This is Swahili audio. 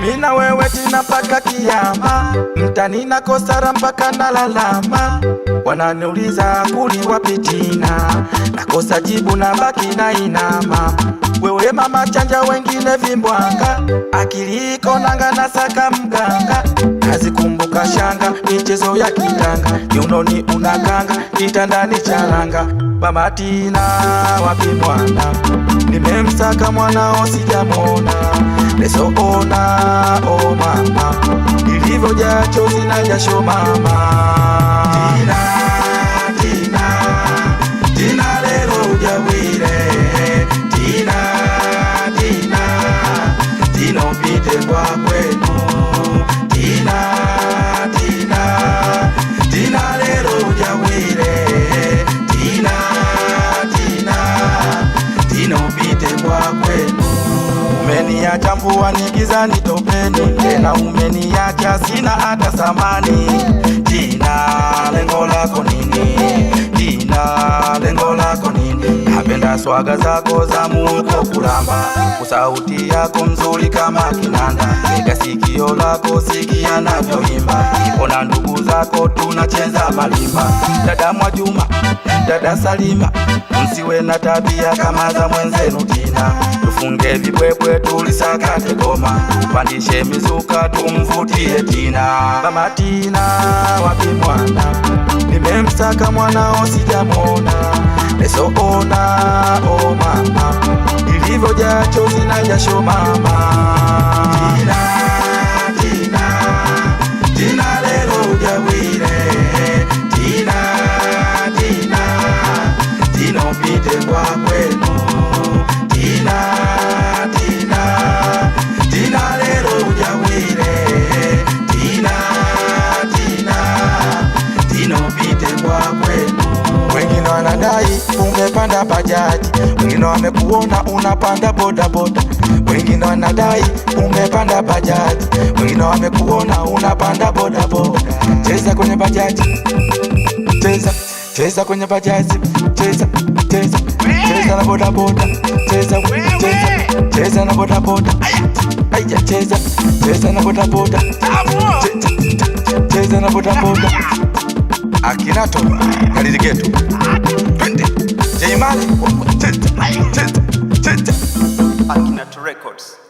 Mimi na wewe tina mpaka kiyama, mtani na kosara mpaka nalalama. Wananiuliza kuli wapitina, tina, nakosa jibu na baki na inama. Wewe mama chanja, wengine vimbwanga, akili iko nanga na saka mganga, nazikumbuka shanga, michezo ya kitanga, kiunoni unaganga, kitandani charanga. Mama Tina wapi mwana? Nimemsaka mwanao sijamona leso, ona o mama, nilivyojaa chozi na jasho mama. Jina, jina, jina lero ujawire, jina, jina, jina upite kwa kwenu, jina, jina, jina lero ujawire, jina, jina, jina upite kwa kwenu Umeniachambua ni gizani topeni, tena umeniacha sina hata samani. Jina lengo lako nini? swaga zako za muko kulamba, kusauti yako nzuri kama kinanda, ega sikio lako sikia navyoimba, ipona ndugu zako tunacheza malimba. Dada Mwajuma, dada Salima, msiwe na tabia kama za mwenzenu Tina, tufunge vibwebwe tulisakate goma, tupandishe mizuka tumvutie Tina. Mama Tina, wapi mwana? Nimemsaka mwanao sijamwona leso ona o mama, nilivyojaa chozi na jasho mama wanadai umepanda bajaji, wengine wamekuona unapanda bodaboda, wengine wanadai umepanda bajaji, wengine wamekuona unapanda bodaboda. Cheza kwenye bajaji, cheza cheza kwenye bajaji, cheza cheza cheza na bodaboda, cheza cheza cheza na bodaboda, aya cheza cheza na bodaboda, cheza na bodaboda. Akinato kaliligetu J Mali Records.